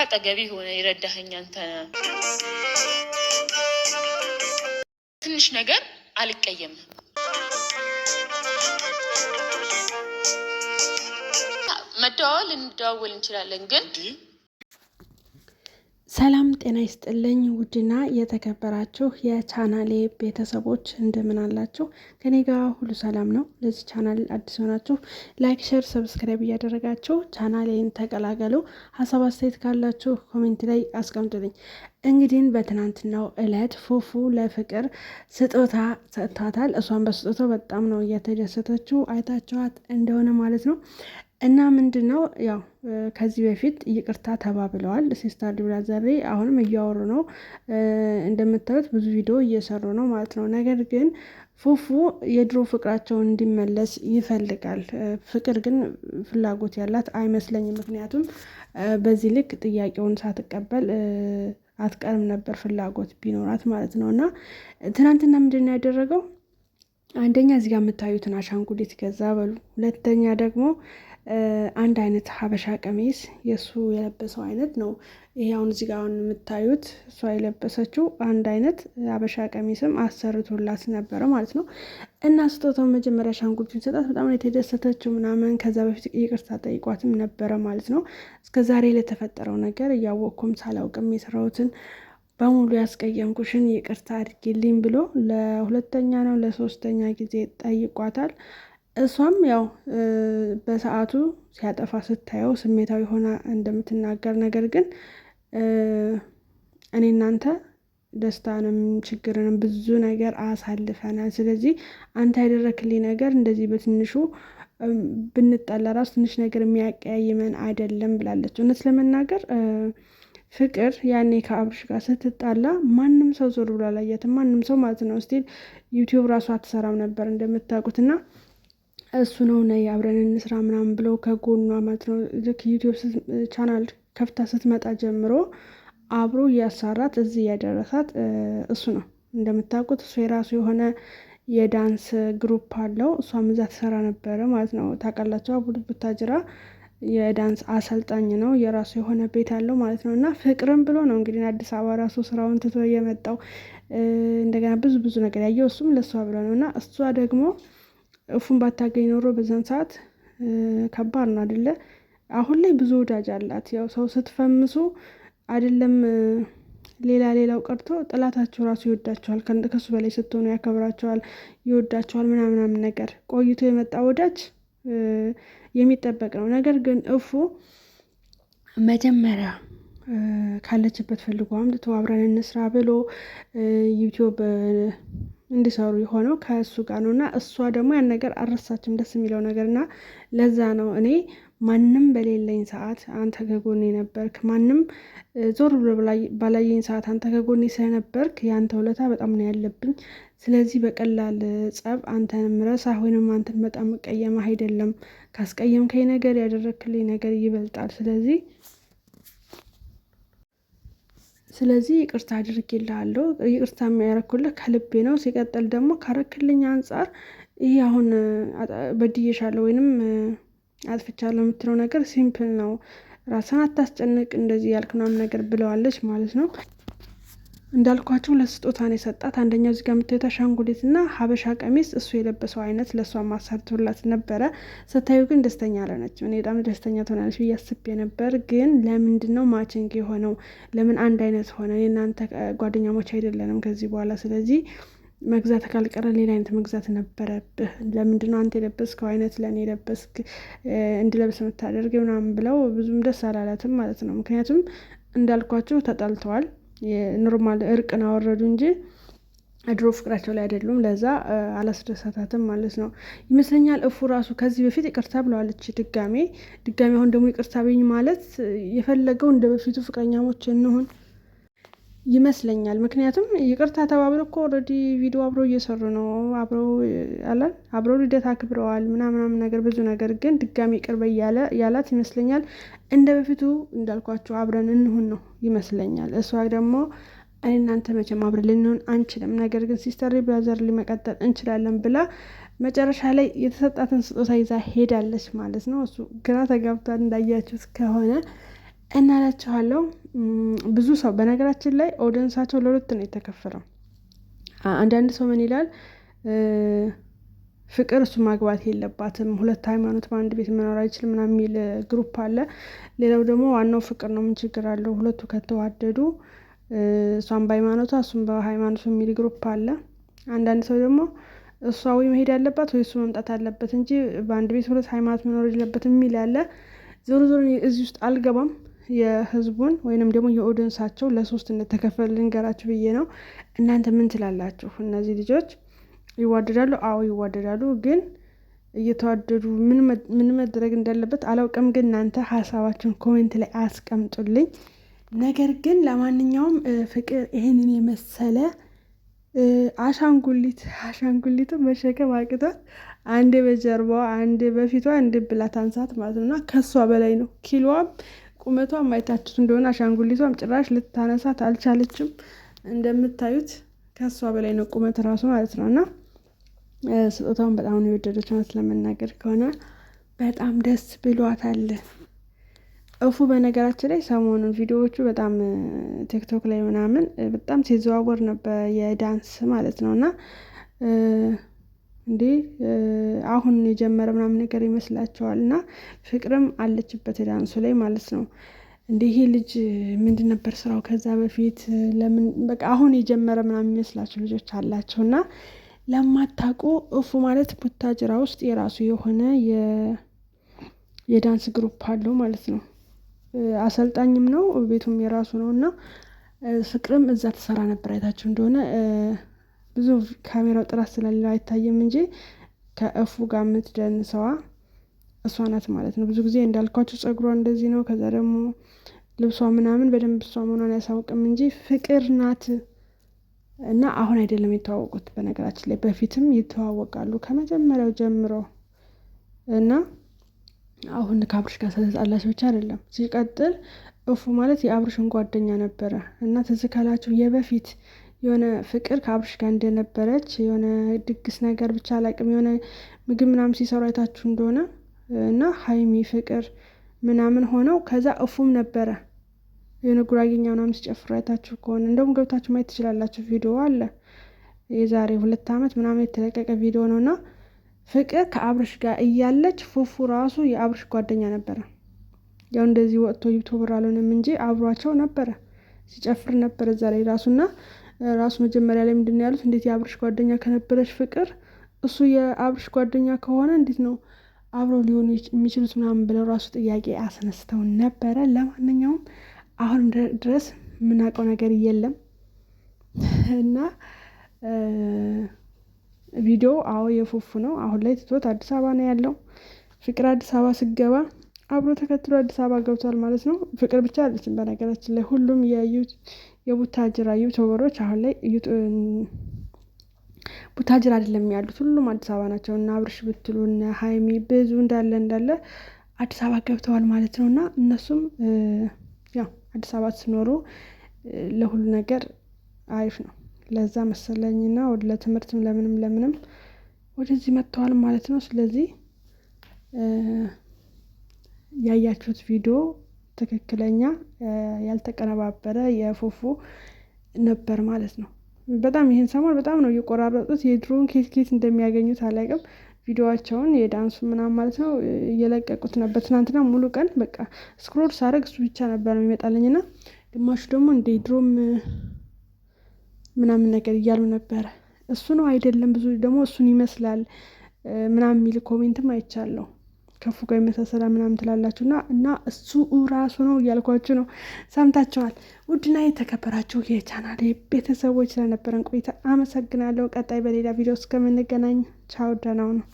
ከአጠገቤ ሆነ የረዳኸኝ አንተ ትንሽ ነገር አልቀየምም። መደዋወል እንደዋወል እንችላለን ግን ሰላም ጤና ይስጥልኝ። ውድና የተከበራችሁ የቻናሌ ቤተሰቦች እንደምን አላችሁ? ከኔ ጋር ሁሉ ሰላም ነው። ለዚህ ቻናል አዲስ ሆናችሁ ላይክ፣ ሸር፣ ሰብስክራይብ እያደረጋችሁ ቻናሌን ተቀላቀሉ። ሀሳብ አስተያየት ካላችሁ ኮሜንት ላይ አስቀምጡልኝ። እንግዲህ በትናንትናው እለት ፉፉ ለፍቅር ስጦታ ሰጥቷታል። እሷን በስጦታው በጣም ነው እየተደሰተችው አይታችኋት እንደሆነ ማለት ነው። እና ምንድን ነው ያው ከዚህ በፊት ይቅርታ ተባብለዋል። ሲስታር ዲብላ ዘሬ አሁንም እያወሩ ነው። እንደምታዩት ብዙ ቪዲዮ እየሰሩ ነው ማለት ነው። ነገር ግን ፉፉ የድሮ ፍቅራቸውን እንዲመለስ ይፈልጋል። ፍቅር ግን ፍላጎት ያላት አይመስለኝም። ምክንያቱም በዚህ ልክ ጥያቄውን ሳትቀበል አትቀርም ነበር ፍላጎት ቢኖራት ማለት ነው። እና ትናንትና ምንድን ነው ያደረገው? አንደኛ እዚጋ የምታዩትን አሻንጉሊት ገዛ በሉ። ሁለተኛ ደግሞ አንድ አይነት ሀበሻ ቀሚስ የእሱ የለበሰው አይነት ነው። ይሄ አሁን እዚህ ጋር አሁን የምታዩት እሷ የለበሰችው አንድ አይነት ሀበሻ ቀሚስም አሰርቶላት ነበረ ማለት ነው። እና ስጦታው መጀመሪያ ሻንጉሊቱን ሰጣት። በጣም የተደሰተችው ምናምን ከዛ በፊት ይቅርታ ጠይቋትም ነበረ ማለት ነው። እስከ ዛሬ ለተፈጠረው ነገር እያወቅኩም ሳላውቅም የሰራሁትን በሙሉ ያስቀየምኩሽን ይቅርታ አድርጊልኝ ብሎ ለሁለተኛ ነው ለሶስተኛ ጊዜ ጠይቋታል። እሷም ያው በሰዓቱ ሲያጠፋ ስታየው ስሜታዊ ሆና እንደምትናገር ነገር ግን እኔ እናንተ ደስታንም ችግርንም ብዙ ነገር አሳልፈናል። ስለዚህ አንተ ያደረክልኝ ነገር እንደዚህ በትንሹ ብንጣላ ራሱ ትንሽ ነገር የሚያቀያይመን አይደለም ብላለች። እውነት ለመናገር ፍቅር ያኔ ከአብርሽ ጋር ስትጣላ ማንም ሰው ዞር ብሎ አላያትም። ማንም ሰው ማለት ነው። ስቲል ዩቲዩብ ራሱ አትሰራም ነበር እንደምታውቁት እና እሱ ነው ነይ አብረን እንስራ ምናምን ብለው ከጎኗ ማለት ነው ልክ ዩቲዩብ ቻናል ከፍታ ስትመጣ ጀምሮ አብሮ እያሳራት እዚህ እያደረሳት እሱ ነው። እንደምታውቁት እሱ የራሱ የሆነ የዳንስ ግሩፕ አለው። እሷም እዛ ትሰራ ነበረ ማለት ነው። አቡድ ቡታጅራ የዳንስ አሰልጣኝ ነው። የራሱ የሆነ ቤት አለው ማለት ነው። እና ፍቅርም ብሎ ነው እንግዲህ አዲስ አበባ ራሱ ስራውን ትቶ የመጣው እንደገና ብዙ ብዙ ነገር ያየው እሱም ለእሷ ብሎ ነው እና እሷ ደግሞ እፉን ባታገኝ ኖሮ በዛን ሰዓት ከባድ ነው አደለ? አሁን ላይ ብዙ ወዳጅ አላት። ያው ሰው ስትፈምሱ አይደለም ሌላ ሌላው ቀርቶ ጠላታቸው ራሱ ይወዳቸዋል። ከሱ በላይ ስትሆኑ ያከብራቸዋል፣ ይወዳቸዋል ምናምናም ነገር ቆይቶ የመጣ ወዳጅ የሚጠበቅ ነው። ነገር ግን እፉ መጀመሪያ ካለችበት ፈልጎ አምጥቶ አብረን እንስራ ብሎ ዩቲዩብ እንዲሰሩ የሆነው ከእሱ ጋር ነው እና እሷ ደግሞ ያን ነገር አልረሳችም። ደስ የሚለው ነገር እና ለዛ ነው እኔ ማንም በሌለኝ ሰዓት አንተ ከጎኔ ነበርክ፣ ማንም ዞር ብሎ ባላየኝ ሰዓት አንተ ከጎኔ ስለነበርክ የአንተ ውለታ በጣም ነው ያለብኝ። ስለዚህ በቀላል ጸብ አንተንም ረሳህ ወይንም አንተን በጣም ቀየመህ አይደለም። ካስቀየምከኝ ነገር ያደረክልኝ ነገር ይበልጣል። ስለዚህ ስለዚህ ይቅርታ አድርጌልሃለሁ። ይቅርታ የሚያረኩልህ ከልቤ ነው። ሲቀጥል ደግሞ ካረክልኝ አንጻር ይህ አሁን በድዬሻለሁ ወይንም አጥፍቻለሁ የምትለው ነገር ሲምፕል ነው። ራስን አታስጨንቅ እንደዚህ ያልክ ምናምን ነገር ብለዋለች ማለት ነው። እንዳልኳቸው ነው የሰጣት አንደኛው እዚህ ጋ የምታዩት አሻንጉሊት እና ሀበሻ ቀሚስ እሱ የለበሰው አይነት ለእሷ ማሰርቶላት ነበረ። ስታዩ ግን ደስተኛ አለነች። እኔ በጣም ደስተኛ ትሆናለች ብዬ አስቤ ነበር። ግን ለምንድን ነው ማችንግ የሆነው? ለምን አንድ አይነት ሆነ? እናንተ ጓደኛሞች አይደለንም ከዚህ በኋላ ስለዚህ መግዛት ካልቀረ ሌላ አይነት መግዛት ነበረብህ። ለምንድነው አንተ የለበስከው አይነት ለእኔ የለበስክ እንድለብስ የምታደርግ ምናምን ብለው ብዙም ደስ አላላትም ማለት ነው። ምክንያቱም እንዳልኳቸው ተጣልተዋል። ኖርማል እርቅን አወረዱ እንጂ ድሮ ፍቅራቸው ላይ አይደሉም። ለዛ አላስደሳታትም ማለት ነው ይመስለኛል። እፉ ራሱ ከዚህ በፊት ይቅርታ ብለዋለች ድጋሜ ድጋሜ። አሁን ደግሞ ይቅርታ ብኝ ማለት የፈለገው እንደ በፊቱ ፍቅረኛሞች እንሁን ይመስለኛል። ምክንያቱም ይቅርታ ተባብሎ እኮ ኦልሬዲ ቪዲዮ አብረው እየሰሩ ነው። አብረው አለን አብረው ልደት አክብረዋል ምናምናም ነገር ብዙ ነገር ግን ድጋሚ ቅርበ ያላት ይመስለኛል። እንደ በፊቱ እንዳልኳቸው አብረን እንሁን ነው ይመስለኛል። እሷ ደግሞ እናንተ መቼም አብረን ልንሆን አንችልም፣ ነገር ግን ሲስተር ብራዘር ሊመቀጠል እንችላለን ብላ መጨረሻ ላይ የተሰጣትን ስጦታ ይዛ ሄዳለች ማለት ነው። እሱ ግራ ተጋብቷል እንዳያችሁት ከሆነ እናላችኋለሁ። ብዙ ሰው በነገራችን ላይ ኦደንሳቸው ለሁለት ነው የተከፈለው። አንዳንድ ሰው ምን ይላል ፍቅር እሱ ማግባት የለባትም፣ ሁለት ሃይማኖት በአንድ ቤት መኖር አይችልም ምናምን የሚል ግሩፕ አለ። ሌላው ደግሞ ዋናው ፍቅር ነው፣ ምን ችግር አለው ሁለቱ ከተዋደዱ፣ እሷም በሃይማኖቷ እሱም በሃይማኖቱ የሚል ግሩፕ አለ። አንዳንድ ሰው ደግሞ እሷ ወይ መሄድ ያለባት ወይ እሱ መምጣት አለበት እንጂ በአንድ ቤት ሁለት ሃይማኖት መኖር የለበትም የሚል አለ። ዞሮ ዞሮ እዚህ ውስጥ አልገባም። የህዝቡን ወይንም ደግሞ የኦዲንሳቸው ለሶስት እንደተከፈል ልንገራችሁ ብዬ ነው። እናንተ ምን ትላላችሁ? እነዚህ ልጆች ይዋደዳሉ? አዎ ይዋደዳሉ። ግን እየተዋደዱ ምን መደረግ እንዳለበት አላውቅም። ግን እናንተ ሀሳባችሁን ኮሜንት ላይ አስቀምጡልኝ። ነገር ግን ለማንኛውም ፍቅር ይህንን የመሰለ አሻንጉሊት አሻንጉሊቱ መሸከም አቅቷት አንዴ በጀርባዋ አንዴ በፊቷ አንዴ ብላ ታንሳት ማለት ነውና ከሷ በላይ ነው ኪሎዋም ቁመቷ ማይታችት እንደሆነ አሻንጉሊቷም ጭራሽ ልታነሳት አልቻለችም። እንደምታዩት ከእሷ በላይ ነው ቁመት ራሱ ማለት ነው። እና ስጦታውን በጣም ነው የወደደች እውነት ለመናገር ከሆነ በጣም ደስ ብሏታል። እፉ በነገራችን ላይ ሰሞኑን ቪዲዮዎቹ በጣም ቲክቶክ ላይ ምናምን በጣም ሲዘዋወር ነበር የዳንስ ማለት ነው እና እንዴ አሁን የጀመረ ምናምን ነገር ይመስላቸዋል። እና ፍቅርም አለችበት ዳንሱ ላይ ማለት ነው። እንዴ ይሄ ልጅ ምንድን ነበር ስራው ከዛ በፊት ለምን በቃ አሁን የጀመረ ምናምን ይመስላቸው ልጆች አላቸው። እና ለማታውቁ እፉ ማለት ቡታጅራ ውስጥ የራሱ የሆነ የዳንስ ግሩፕ አለው ማለት ነው። አሰልጣኝም ነው፣ ቤቱም የራሱ ነው እና ፍቅርም እዛ ተሰራ ነበር አይታቸው እንደሆነ ብዙ ካሜራው ጥራት ስለሌለው አይታይም እንጂ ከእፉ ጋር የምትደንሰዋ እሷ ናት ማለት ነው። ብዙ ጊዜ እንዳልኳቸው ፀጉሯ እንደዚህ ነው። ከዛ ደግሞ ልብሷ ምናምን በደንብ እሷ መሆኗን አያሳውቅም እንጂ ፍቅር ናት። እና አሁን አይደለም የተዋወቁት፣ በነገራችን ላይ በፊትም ይተዋወቃሉ ከመጀመሪያው ጀምሮ እና አሁን ከአብርሽ ጋር ስለተጣላች ብቻ አይደለም። ሲቀጥል እፉ ማለት የአብርሽን ጓደኛ ነበረ እና ትዝ ካላችሁ የበፊት የሆነ ፍቅር ከአብርሽ ጋር እንደነበረች የሆነ ድግስ ነገር ብቻ አላቅም የሆነ ምግብ ምናምን ሲሰሩ አይታችሁ እንደሆነ እና ሀይሚ ፍቅር ምናምን ሆነው ከዛ እፉም ነበረ የሆነ ጉራጌኛ ምናምን ሲጨፍሩ አይታችሁ ከሆነ እንደውም ገብታችሁ ማየት ትችላላችሁ። ቪዲዮ አለ የዛሬ ሁለት ዓመት ምናምን የተለቀቀ ቪዲዮ ነው እና ፍቅር ከአብርሽ ጋር እያለች ፉፉ ራሱ የአብርሽ ጓደኛ ነበረ። ያው እንደዚህ ወጥቶ ዩቱብር አልሆንም እንጂ አብሯቸው ነበረ ሲጨፍር ነበር እዛ ላይ ራሱና ራሱ መጀመሪያ ላይ ምንድን ነው ያሉት? እንዴት የአብርሽ ጓደኛ ከነበረች ፍቅር እሱ የአብርሽ ጓደኛ ከሆነ እንዴት ነው አብረው ሊሆኑ የሚችሉት ምናምን ብለው ራሱ ጥያቄ አስነስተው ነበረ። ለማንኛውም አሁንም ድረስ የምናውቀው ነገር የለም እና ቪዲዮ አዎ የፉፉ ነው። አሁን ላይ ትቶት አዲስ አበባ ነው ያለው። ፍቅር አዲስ አበባ ስገባ አብሮ ተከትሎ አዲስ አበባ ገብቷል ማለት ነው። ፍቅር ብቻ አለችም በነገራችን ላይ ሁሉም የቡታጅራ ዩቱበሮች አሁን ላይ ቡታጅራ አይደለም ያሉት፣ ሁሉም አዲስ አበባ ናቸው። እና አብርሽ ብትሉ እነ ሀይሚ ብዙ እንዳለ እንዳለ አዲስ አበባ ገብተዋል ማለት ነው። እና እነሱም ያው አዲስ አበባ ሲኖሩ ለሁሉ ነገር አሪፍ ነው። ለዛ መሰለኝና ለትምህርትም ለምንም ለምንም ወደዚህ መጥተዋል ማለት ነው። ስለዚህ ያያችሁት ቪዲዮ ትክክለኛ ያልተቀነባበረ የፎፎ ነበር ማለት ነው። በጣም ይህን ሰሞን በጣም ነው እየቆራረጡት የድሮን ኬት ኬት እንደሚያገኙት አላቅም። ቪዲዮዋቸውን የዳንሱ ምናምን ማለት ነው እየለቀቁት ነበር። ትናንትና ሙሉ ቀን በቃ ስክሮል ሳረግ እሱ ብቻ ነበር ይመጣለኝ እና ግማሹ ደግሞ እንደ ድሮም ምናምን ነገር እያሉ ነበረ። እሱ ነው አይደለም ብዙ ደግሞ እሱን ይመስላል ምናምን የሚል ኮሜንትም አይቻለሁ። ከፉ ጋር የመሳሰላ ምናምን ትላላችሁ እና እና እሱ ራሱ ነው እያልኳችሁ ነው። ሰምታችኋል። ውድና የተከበራችሁ የቻናሌ ቤተሰቦች ስለነበረን ቆይታ አመሰግናለሁ። ቀጣይ በሌላ ቪዲዮ እስከምንገናኝ ቻው፣ ደህና ነው።